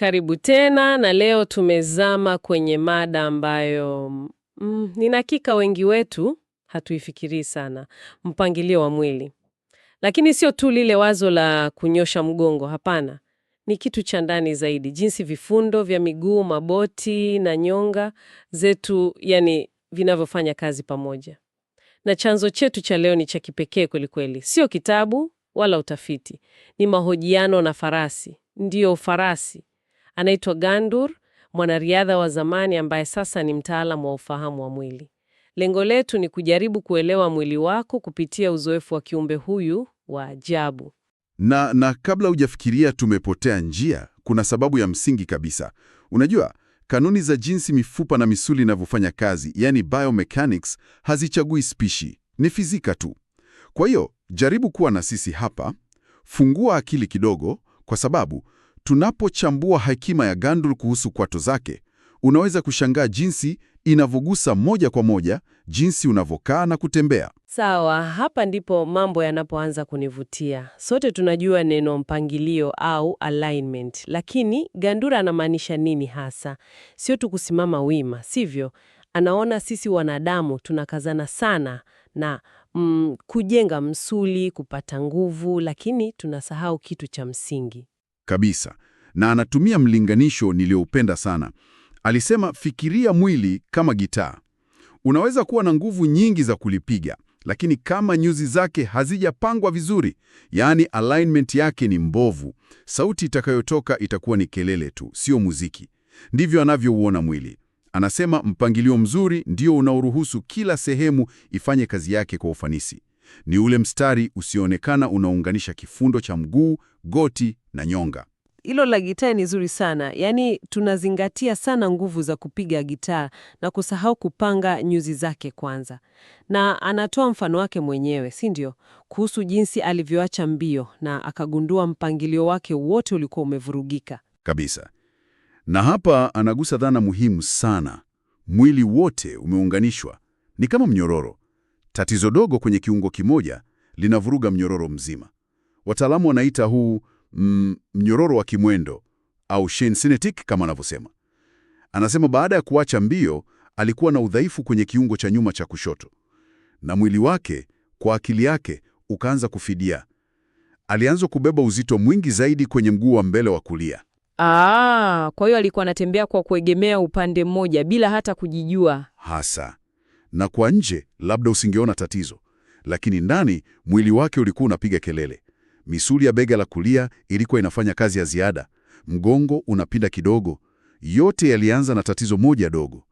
Karibu tena na leo tumezama kwenye mada ambayo mm, nina wengi wetu hatuifikirii sana, mpangilio wa mwili. Lakini sio tu lile wazo la kunyosha mgongo, hapana. Ni kitu cha ndani zaidi, jinsi vifundo vya miguu, maboti na nyonga zetu, yani vinavyofanya kazi pamoja. Na chanzo chetu cha leo ni cha kipekee kwelikweli, sio kitabu wala utafiti, ni mahojiano na farasi. Ndiyo, farasi Anaitwa Gandour, mwanariadha wa zamani ambaye sasa ni mtaalamu wa ufahamu wa mwili. Lengo letu ni kujaribu kuelewa mwili wako kupitia uzoefu wa kiumbe huyu wa ajabu. Na, na kabla hujafikiria tumepotea njia, kuna sababu ya msingi kabisa. Unajua, kanuni za jinsi mifupa na misuli inavyofanya kazi, yani biomechanics, hazichagui spishi, ni fizika tu. Kwa hiyo jaribu kuwa na sisi hapa, fungua akili kidogo, kwa sababu Tunapochambua hekima ya Gandul kuhusu kwato zake, unaweza kushangaa jinsi inavyogusa moja kwa moja jinsi unavyokaa na kutembea. Sawa, hapa ndipo mambo yanapoanza kunivutia. Sote tunajua neno mpangilio au alignment, lakini Gandura anamaanisha nini hasa? Sio tu kusimama wima, sivyo? Anaona sisi wanadamu tunakazana sana na mm, kujenga msuli, kupata nguvu, lakini tunasahau kitu cha msingi kabisa, na anatumia mlinganisho niliyoupenda sana. Alisema, fikiria mwili kama gitaa. Unaweza kuwa na nguvu nyingi za kulipiga, lakini kama nyuzi zake hazijapangwa vizuri, yaani alignment yake ni mbovu, sauti itakayotoka itakuwa ni kelele tu, sio muziki. Ndivyo anavyouona mwili. Anasema mpangilio mzuri ndio unaoruhusu kila sehemu ifanye kazi yake kwa ufanisi ni ule mstari usioonekana unaunganisha kifundo cha mguu, goti na nyonga. Hilo la gitaa ni zuri sana, yaani tunazingatia sana nguvu za kupiga gitaa na kusahau kupanga nyuzi zake kwanza. Na anatoa mfano wake mwenyewe, si ndio? Kuhusu jinsi alivyoacha mbio na akagundua mpangilio wake wote ulikuwa umevurugika kabisa. Na hapa anagusa dhana muhimu sana, mwili wote umeunganishwa, ni kama mnyororo Tatizo dogo kwenye kiungo kimoja linavuruga mnyororo mzima. Wataalamu wanaita huu mm, mnyororo wa kimwendo au chain cinetic kama anavyosema. Anasema baada ya kuacha mbio alikuwa na udhaifu kwenye kiungo cha nyuma cha kushoto, na mwili wake kwa akili yake ukaanza kufidia. Alianza kubeba uzito mwingi zaidi kwenye mguu wa mbele wa kulia. Aa, ah, kwa hiyo alikuwa anatembea kwa kuegemea upande mmoja bila hata kujijua hasa na kwa nje labda usingeona tatizo, lakini ndani mwili wake ulikuwa unapiga kelele. Misuli ya bega la kulia ilikuwa inafanya kazi ya ziada, mgongo unapinda kidogo. Yote yalianza na tatizo moja dogo.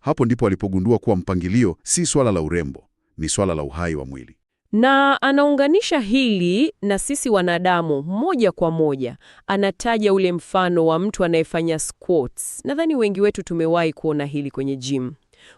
Hapo ndipo alipogundua kuwa mpangilio si swala la urembo, ni swala la uhai wa mwili. Na anaunganisha hili na sisi wanadamu moja kwa moja. Anataja ule mfano wa mtu anayefanya squats. Nadhani wengi wetu tumewahi kuona hili kwenye gym.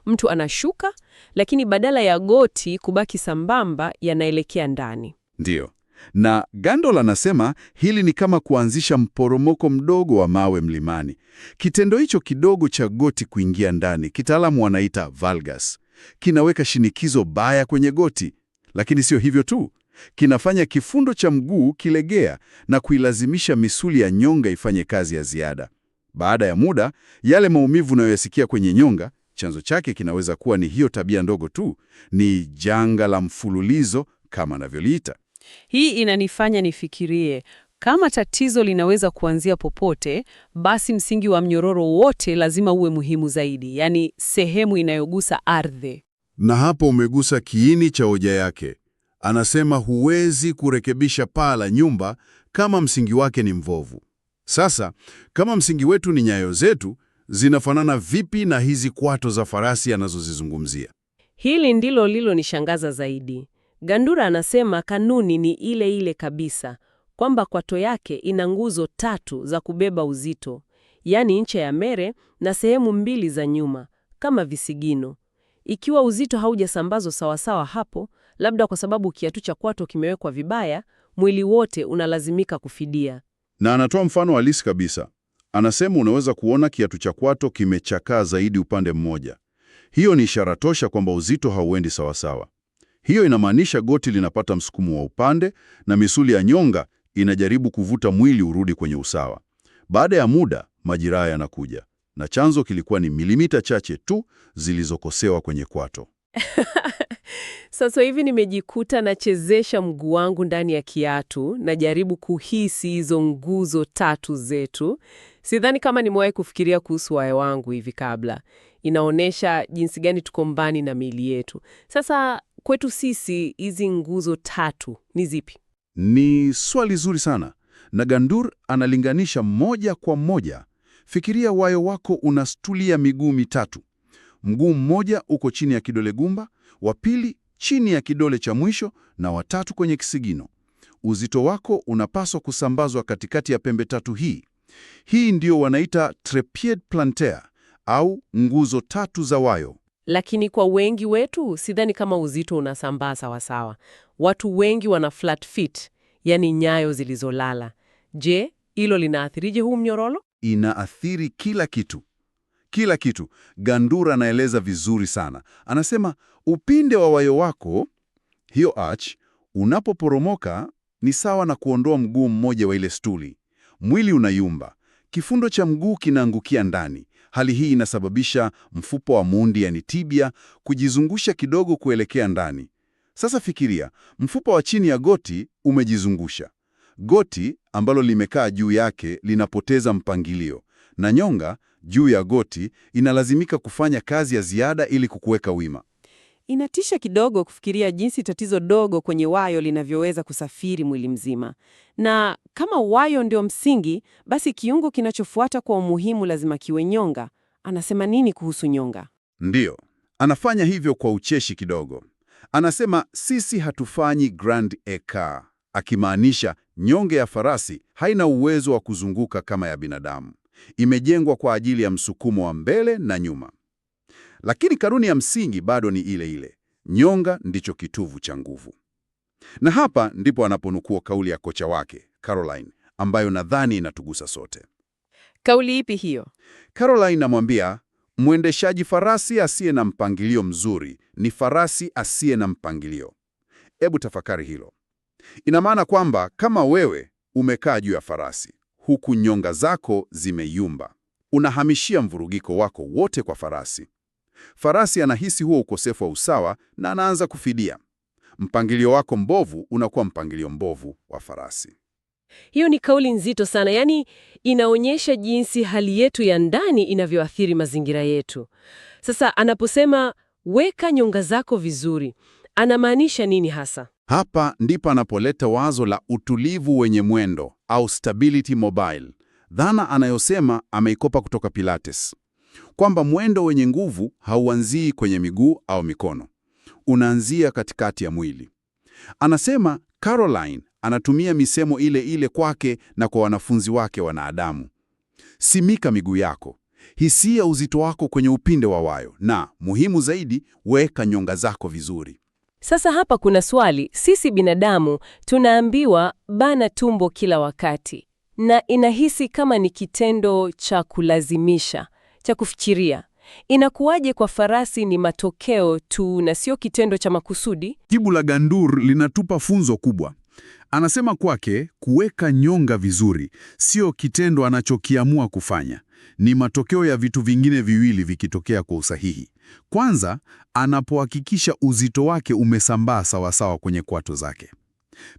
Mtu anashuka, lakini badala ya goti kubaki sambamba, yanaelekea ndani. Ndiyo, na Gandol anasema hili ni kama kuanzisha mporomoko mdogo wa mawe mlimani. Kitendo hicho kidogo cha goti kuingia ndani, kitaalamu wanaita valgus, kinaweka shinikizo baya kwenye goti. Lakini sio hivyo tu, kinafanya kifundo cha mguu kilegea na kuilazimisha misuli ya nyonga ifanye kazi ya ziada. Baada ya muda, yale maumivu unayoyasikia kwenye nyonga chanzo chake kinaweza kuwa ni hiyo tabia ndogo tu, ni janga la mfululizo kama anavyoliita. Hii inanifanya nifikirie kama tatizo linaweza kuanzia popote, basi msingi wa mnyororo wote lazima uwe muhimu zaidi, yaani sehemu inayogusa ardhi. Na hapo umegusa kiini cha hoja yake. Anasema huwezi kurekebisha paa la nyumba kama msingi wake ni mvovu Sasa kama msingi wetu ni nyayo zetu, zinafanana vipi na hizi kwato za farasi anazozizungumzia? Hili ndilo lilonishangaza zaidi. Gandura anasema kanuni ni ile ile kabisa, kwamba kwato yake ina nguzo tatu za kubeba uzito, yaani ncha ya mere na sehemu mbili za nyuma kama visigino. Ikiwa uzito haujasambazwa sawasawa hapo, labda kwa sababu kiatu cha kwato kimewekwa vibaya, mwili wote unalazimika kufidia. Na anatoa mfano halisi kabisa. Anasema unaweza kuona kiatu cha kwato kimechakaa zaidi upande mmoja. Hiyo ni ishara tosha kwamba uzito hauendi sawasawa. Hiyo inamaanisha goti linapata msukumo wa upande na misuli ya nyonga inajaribu kuvuta mwili urudi kwenye usawa. Baada ya muda, majiraha yanakuja, na chanzo kilikuwa ni milimita chache tu zilizokosewa kwenye kwato. Sasa hivi nimejikuta nachezesha mguu wangu ndani ya kiatu, najaribu kuhisi hizo nguzo tatu zetu Sidhani kama nimewahi kufikiria kuhusu wayo wangu hivi kabla. Inaonyesha jinsi gani tuko mbali na miili yetu. Sasa kwetu sisi, hizi nguzo tatu ni zipi? Ni swali zuri sana, na Gandour analinganisha moja kwa moja. Fikiria wayo wako una stuli ya miguu mitatu. Mguu mmoja uko chini ya kidole gumba, wa pili chini ya kidole cha mwisho na watatu kwenye kisigino. Uzito wako unapaswa kusambazwa katikati ya pembe tatu hii. Hii ndiyo wanaita trepied plantea au nguzo tatu za wayo. Lakini kwa wengi wetu sidhani kama uzito unasambaa sawasawa. Watu wengi wana flat feet, yani nyayo zilizolala. Je, hilo linaathirije huu mnyororo? Inaathiri kila kitu, kila kitu. Gandura anaeleza vizuri sana, anasema upinde wa wayo wako, hiyo arch, unapoporomoka ni sawa na kuondoa mguu mmoja wa ile stuli mwili unayumba, kifundo cha mguu kinaangukia ndani. Hali hii inasababisha mfupa wa muundi, yani tibia, kujizungusha kidogo kuelekea ndani. Sasa fikiria, mfupa wa chini ya goti umejizungusha. Goti ambalo limekaa juu yake linapoteza mpangilio, na nyonga juu ya goti inalazimika kufanya kazi ya ziada ili kukuweka wima. Inatisha kidogo kufikiria jinsi tatizo dogo kwenye wayo linavyoweza kusafiri mwili mzima, na kama wayo ndio msingi, basi kiungo kinachofuata kwa umuhimu lazima kiwe nyonga. Anasema nini kuhusu nyonga? Ndiyo, anafanya hivyo kwa ucheshi kidogo. Anasema sisi hatufanyi grand ecart, akimaanisha nyonge ya farasi haina uwezo wa kuzunguka kama ya binadamu, imejengwa kwa ajili ya msukumo wa mbele na nyuma. Lakini kanuni ya msingi bado ni ile ile, nyonga ndicho kitovu cha nguvu. Na hapa ndipo anaponukua kauli ya kocha wake Caroline, ambayo nadhani inatugusa sote. Kauli ipi hiyo? Caroline namwambia mwendeshaji farasi asiye na mpangilio mzuri ni farasi asiye na mpangilio. Hebu tafakari hilo. Ina maana kwamba kama wewe umekaa juu ya farasi huku nyonga zako zimeyumba, unahamishia mvurugiko wako wote kwa farasi, Farasi anahisi huo ukosefu wa usawa na anaanza kufidia. Mpangilio wako mbovu unakuwa mpangilio mbovu wa farasi. Hiyo ni kauli nzito sana, yaani inaonyesha jinsi hali yetu ya ndani inavyoathiri mazingira yetu. Sasa anaposema weka nyonga zako vizuri, anamaanisha nini hasa? Hapa ndipo anapoleta wazo la utulivu wenye mwendo au stability mobile, dhana anayosema ameikopa kutoka Pilates kwamba mwendo wenye nguvu hauanzii kwenye miguu au mikono, unaanzia katikati ya mwili. Anasema Caroline anatumia misemo ile ile kwake na kwa wanafunzi wake wanaadamu: simika miguu yako, hisia uzito wako kwenye upinde wa wayo, na muhimu zaidi, weka nyonga zako vizuri. Sasa hapa kuna swali. Sisi binadamu tunaambiwa bana tumbo kila wakati, na inahisi kama ni kitendo cha kulazimisha cha kufikiria. Inakuwaje kwa farasi ni matokeo tu na sio kitendo cha makusudi? Jibu la Gandour linatupa funzo kubwa. Anasema kwake kuweka nyonga vizuri sio kitendo anachokiamua kufanya, ni matokeo ya vitu vingine viwili vikitokea kwa usahihi. Kwanza, anapohakikisha uzito wake umesambaa sawasawa kwenye kwato zake.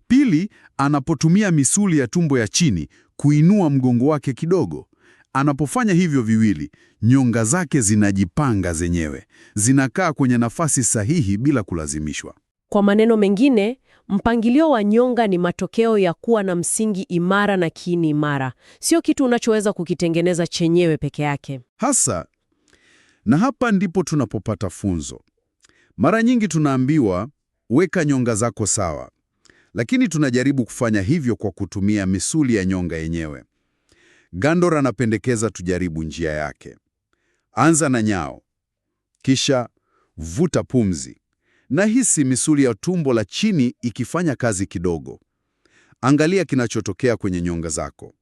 Pili, anapotumia misuli ya tumbo ya chini kuinua mgongo wake kidogo, Anapofanya hivyo viwili, nyonga zake zinajipanga zenyewe, zinakaa kwenye nafasi sahihi bila kulazimishwa. Kwa maneno mengine, mpangilio wa nyonga ni matokeo ya kuwa na msingi imara na kiini imara, sio kitu unachoweza kukitengeneza chenyewe peke yake. Hasa, na hapa ndipo tunapopata funzo. Mara nyingi tunaambiwa weka nyonga zako sawa, lakini tunajaribu kufanya hivyo kwa kutumia misuli ya nyonga yenyewe. Gandor anapendekeza tujaribu njia yake. Anza na nyao, kisha vuta pumzi. Nahisi misuli ya tumbo la chini ikifanya kazi kidogo. Angalia kinachotokea kwenye nyonga zako.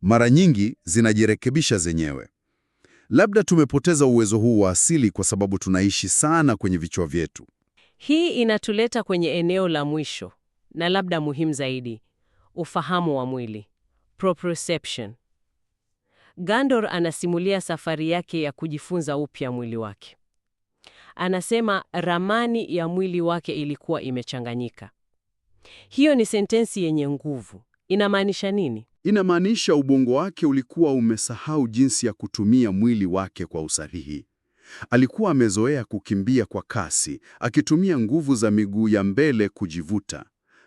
Mara nyingi zinajirekebisha zenyewe. Labda tumepoteza uwezo huu wa asili kwa sababu tunaishi sana kwenye vichwa vyetu. Hii inatuleta kwenye eneo la mwisho na labda muhimu zaidi, ufahamu wa mwili, proprioception. Gandor anasimulia safari yake ya kujifunza upya mwili wake. Anasema ramani ya mwili wake ilikuwa imechanganyika. Hiyo ni sentensi yenye nguvu. Inamaanisha nini? Inamaanisha ubongo wake ulikuwa umesahau jinsi ya kutumia mwili wake kwa usahihi. Alikuwa amezoea kukimbia kwa kasi, akitumia nguvu za miguu ya mbele kujivuta.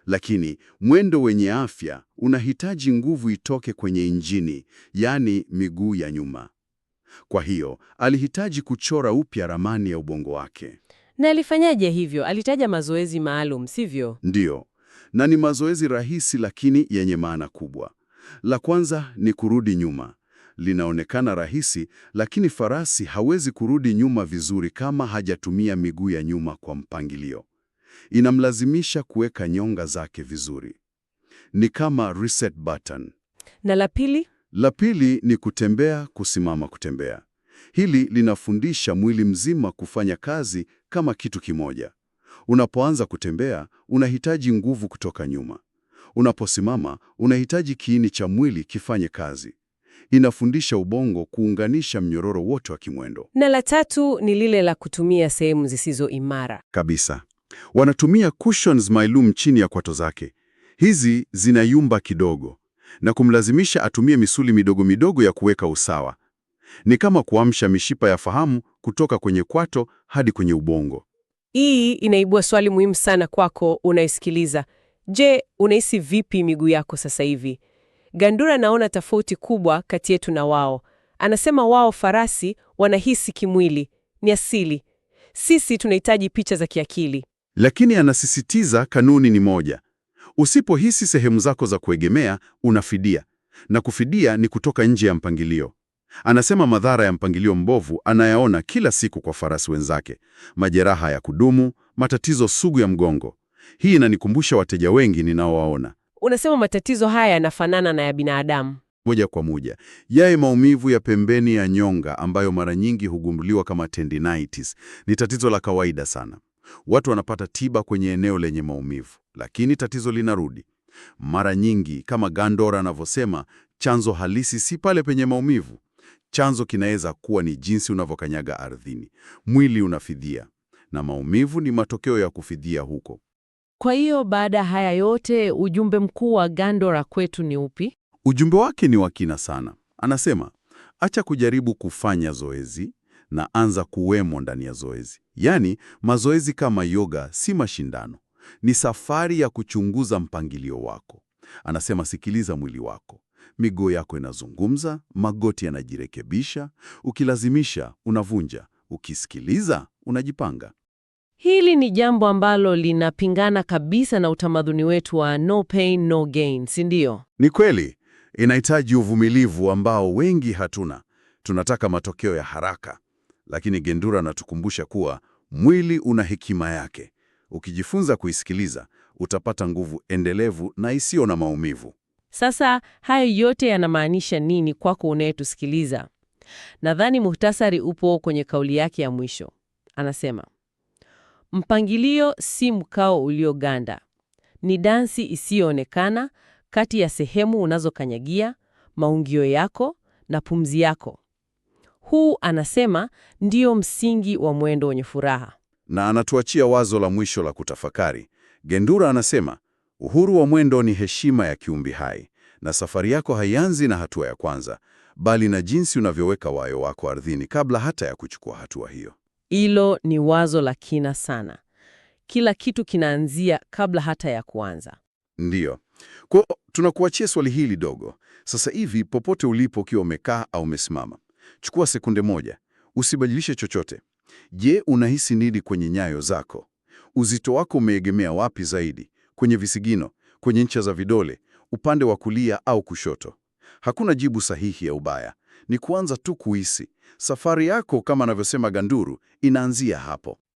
Lakini mwendo wenye afya unahitaji nguvu itoke kwenye injini, yaani miguu ya nyuma. Kwa hiyo alihitaji kuchora upya ramani ya ubongo wake. Na alifanyaje hivyo? Alitaja mazoezi maalum, sivyo? Ndiyo, na ni mazoezi rahisi lakini yenye maana kubwa. La kwanza ni kurudi nyuma. Linaonekana rahisi, lakini farasi hawezi kurudi nyuma vizuri kama hajatumia miguu ya nyuma kwa mpangilio inamlazimisha kuweka nyonga zake vizuri. Ni kama reset button. Na la pili? La pili ni kutembea, kusimama, kutembea. Hili linafundisha mwili mzima kufanya kazi kama kitu kimoja. Unapoanza kutembea, unahitaji nguvu kutoka nyuma. Unaposimama, unahitaji kiini cha mwili kifanye kazi. Inafundisha ubongo kuunganisha mnyororo wote wa kimwendo. Na la tatu ni lile la kutumia sehemu zisizo imara kabisa. Wanatumia cushions maalum chini ya kwato zake. Hizi zinayumba kidogo na kumlazimisha atumie misuli midogo midogo ya kuweka usawa. Ni kama kuamsha mishipa ya fahamu kutoka kwenye kwato hadi kwenye ubongo. Hii inaibua swali muhimu sana kwako unaisikiliza. Je, unahisi vipi miguu yako sasa hivi? Gandura anaona tofauti kubwa kati yetu na wao. Anasema wao farasi wanahisi kimwili, ni asili. Sisi tunahitaji picha za kiakili. Lakini anasisitiza kanuni ni moja: usipohisi sehemu zako za kuegemea, unafidia, na kufidia ni kutoka nje ya mpangilio. Anasema madhara ya mpangilio mbovu anayaona kila siku kwa farasi wenzake: majeraha ya kudumu, matatizo sugu ya mgongo. Hii inanikumbusha wateja wengi ninaowaona. Unasema matatizo haya yanafanana na ya binadamu moja kwa moja, yaye maumivu ya pembeni ya nyonga ambayo mara nyingi hugunduliwa kama tendinitis. Ni tatizo la kawaida sana. Watu wanapata tiba kwenye eneo lenye maumivu, lakini tatizo linarudi. Mara nyingi, kama Gandora anavyosema, chanzo halisi si pale penye maumivu. Chanzo kinaweza kuwa ni jinsi unavyokanyaga ardhini. Mwili unafidhia na maumivu ni matokeo ya kufidhia huko. Kwa hiyo baada haya yote, ujumbe mkuu wa Gandora kwetu ni upi? Ujumbe wake ni wa kina sana. Anasema acha kujaribu kufanya zoezi, na anza kuwemo ndani ya zoezi. Yaani, mazoezi kama yoga si mashindano, ni safari ya kuchunguza mpangilio wako. Anasema, sikiliza mwili wako. Miguu yako inazungumza, magoti yanajirekebisha. Ukilazimisha unavunja, ukisikiliza unajipanga. Hili ni jambo ambalo linapingana kabisa na utamaduni wetu wa no pain no gain, si ndio? Ni kweli, inahitaji uvumilivu ambao wengi hatuna. Tunataka matokeo ya haraka. Lakini Gendura anatukumbusha kuwa mwili una hekima yake. Ukijifunza kuisikiliza, utapata nguvu endelevu na isiyo na maumivu. Sasa hayo yote yanamaanisha nini kwako unayetusikiliza? Nadhani muhtasari upo kwenye kauli yake ya mwisho. Anasema mpangilio si mkao ulioganda, ni dansi isiyoonekana kati ya sehemu unazokanyagia, maungio yako na pumzi yako. Huu anasema ndio msingi wa mwendo wenye furaha, na anatuachia wazo la mwisho la kutafakari. Gendura anasema uhuru wa mwendo ni heshima ya kiumbi hai, na safari yako haianzi na hatua ya kwanza, bali na jinsi unavyoweka wayo wako ardhini kabla hata ya kuchukua hatua hiyo. Hilo ni wazo la kina sana. Kila kitu kinaanzia kabla hata ya kuanza. Ndiyo. Kwa tunakuachia swali hili dogo sasa hivi, popote ulipo, ukiwa umekaa au umesimama, Chukua sekunde moja, usibadilishe chochote. Je, unahisi nini kwenye nyayo zako? Uzito wako umeegemea wapi zaidi? Kwenye visigino, kwenye ncha za vidole, upande wa kulia au kushoto? Hakuna jibu sahihi ya ubaya, ni kuanza tu kuhisi. Safari yako, kama anavyosema Ganduru, inaanzia hapo.